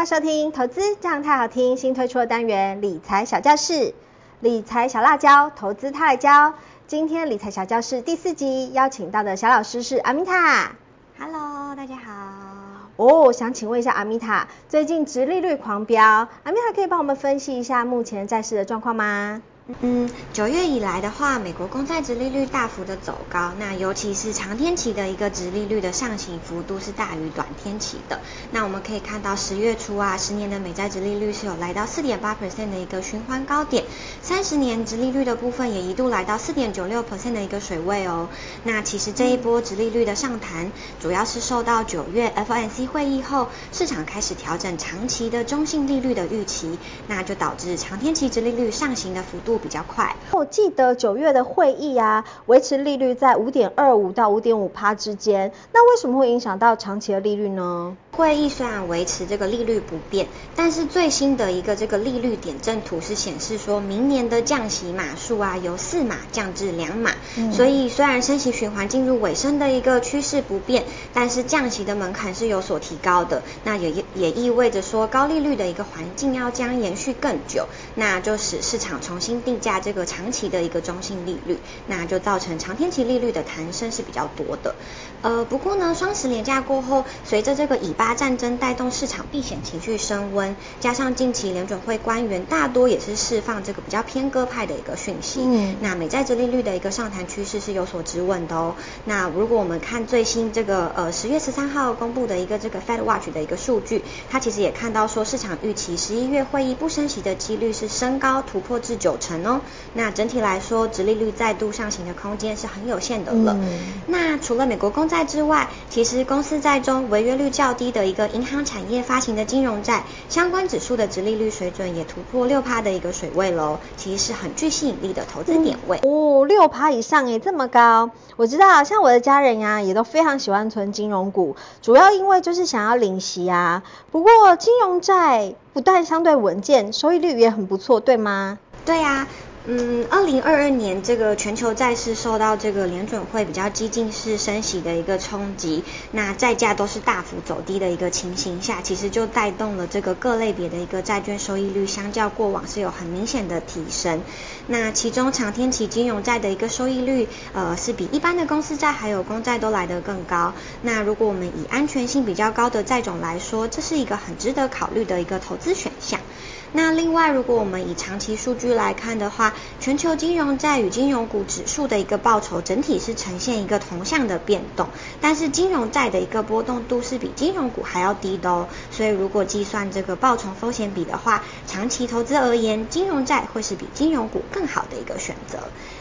大家收聽《投資這樣太好聽》新推出的單元《理財小教室》，理財小辣椒，投資泰來教。今天《理財小教室》第四集邀請到的小老師是阿米塔。Hello，大家好。哦、oh，我想請問一下阿米塔，最近殖利率狂飆，阿米塔可以幫我們分析一下目前債市的狀況嗎？嗯，九月以來的話，美國公債殖利率大幅的走高，那尤其是長天期的一個殖利率的上行幅度是大於短天期的。那我們可以看到十月初啊，十年的美債殖利率是有來到四點八 percent 的一個循環高點，三十年殖利率的部分也一度來到四點九六 percent 的一個水位哦。那其實這一波殖利率的上彈，主要是受到九月 FOMC 會議後，市場開始調整長期的中性利率的預期，那就導致長天期殖利率上行的幅度比較快。我記得九月的會議啊，維持利率在五點二五到五點五趴之間。那為什麼會影響到長期的利率呢？會議雖然維持這個利率不變，但是最新的一個這個利率點陣圖是顯示說，明年的降息碼數啊，由四碼降至兩碼，嗯，所以雖然升息循環進入尾聲的一個趨勢不變，但是降息的門檻是有所提高的。那也也意味着說，高利率的一個環境要將延續更久，那就使市場重新定價這個長期的一個中性利率，那就造成長天期利率的彈升是比較多的。呃，不過呢，雙十年假過後，隨着這個以。戰爭帶動市場避險情緒升溫，加上近期聯準會官員大多也是釋放這個比較偏鴿派的一個訊息，嗯、那美債殖利率的一個上彈趨勢是有所止穩的哦。那如果我們看最新這個呃十月十三號公布的一個這個 Fed Watch 的一個數據，它其實也看到說市場預期十一月會議不升息的幾率是升高突破至九成哦。那整體來說，殖利率再度上行的空間是很有限的了。嗯、那除了美國公債之外，其實公司債中違約率較低的有一個銀行產業發行的金融債，相關指數的殖利率水準也突破六趴的一個水位嘍，其實是很具吸引力的投資點位。嗯、哦，六趴以上也這麼高，我知道，像我的家人呀、啊，也都非常喜歡存金融股，主要因為就是想要領息啊。不過金融債不但相對穩健，收益率也很不錯，對嗎？對呀、啊。嗯，二零二二年，這個全球債市受到這個聯準會比較激進式升息的一個衝擊，那債價都是大幅走低的一個情形下，其實就帶動了這個各類別的一個債券收益率相較過往是有很明顯的提升。那其中長天期金融債的一個收益率，呃，是比一般的公司債還有公債都來得更高。那如果我們以安全性比較高的債種來說，這是一個很值得考慮的一個投資選項。那另外，如果我們以長期數據來看的話，全球金融債與金融股指數的一個報酬整體是呈現一個同向的變動，但是金融債的一個波動度是比金融股還要低的哦。所以如果計算這個報酬風險比的話，長期投資而言，金融債會是比金融股更好的一個選擇。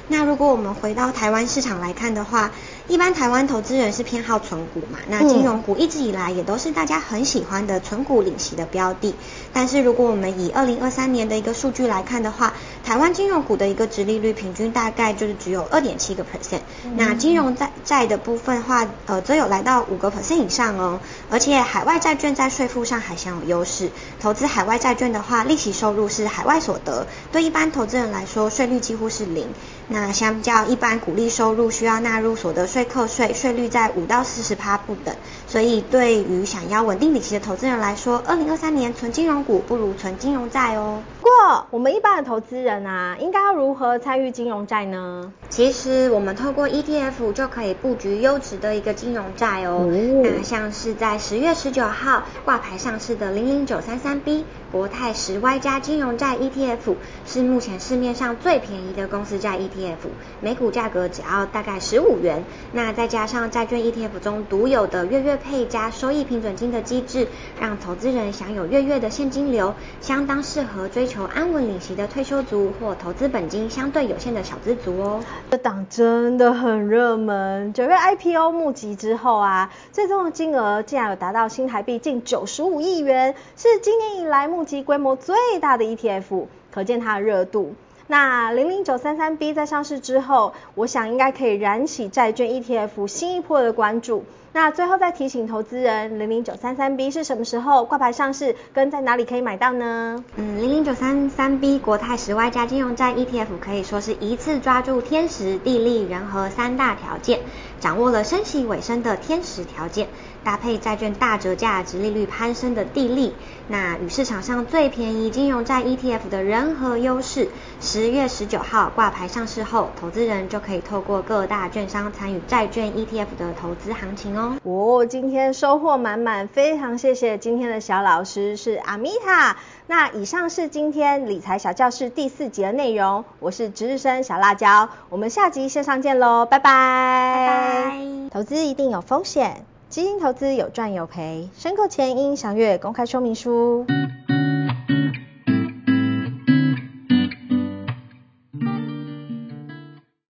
那如果我們回到台灣市場來看的話，一般台灣投資人是偏好存股嘛？那金融股一直以來也都是大家很喜歡的存股領息的標的。但是如果我們以二零二三年的一個數據來看的話，台灣金融股的一個殖利率平均大概就是只有二點七個 percent。那金融債債的部分的話，呃，則有來到五個 percent 以上哦。而且海外債券在稅負上還享有優勢。投資海外債券的話，利息收入是海外所得，對一般投資人來說，稅率幾乎是零。那相較一般股利收入，需要納入所得稅扣稅，稅率在五到四十趴不等。所以對於想要穩定利息的投資人來說，二零二三年存金融股不如存金融債哦。不過我們一般的投資人啊，應該要如何參與金融債呢？其實我們透過 ETF 就可以布局優質的一個金融債哦。嗯。那像是在十月十九號掛牌上市的零零九三三 B。國泰十 Y 加金融債 ETF 是目前市面上最便宜的公司債 ETF，每股價格只要大概十五元。那再加上債券 ETF 中獨有的月月配加收益平準金的機制，讓投資人享有月月的現金流，相當適合追求安穩領息的退休族或投資本金相對有限的小資族哦。這檔真的很熱門，九月 IPO 募集之後啊，最終的金額竟然有達到新台幣近九十五億元，是今年以來募集規模最大的 ETF，可見它的熱度。那零零九三三 B 在上市之後，我想應該可以燃起債券 ETF 新一波的關注。那最後再提醒投資人，零零九三三 B 是什麼時候掛牌上市，跟在哪裡可以買到呢？嗯，零零九三三 B 國泰十外加金融債 ETF 可以說是一次抓住天時地利人和三大條件，掌握了升息尾聲的天時條件，搭配債券大折價、殖利率攀升的地利，那與市場上最便宜金融債 ETF 的人和優勢，十月十九號掛牌上市後，投資人就可以透過各大券商參與債券 ETF 的投資行情哦。我、哦，今天收穫滿滿，非常謝謝今天的小老師是阿米塔。那以上是今天理財小教室第四集的內容，我是值日生小辣椒，我們下集線上見嘍拜拜，拜拜。投資一定有風險，基金投資有賺有賠，申購前應詳閱公開說明書。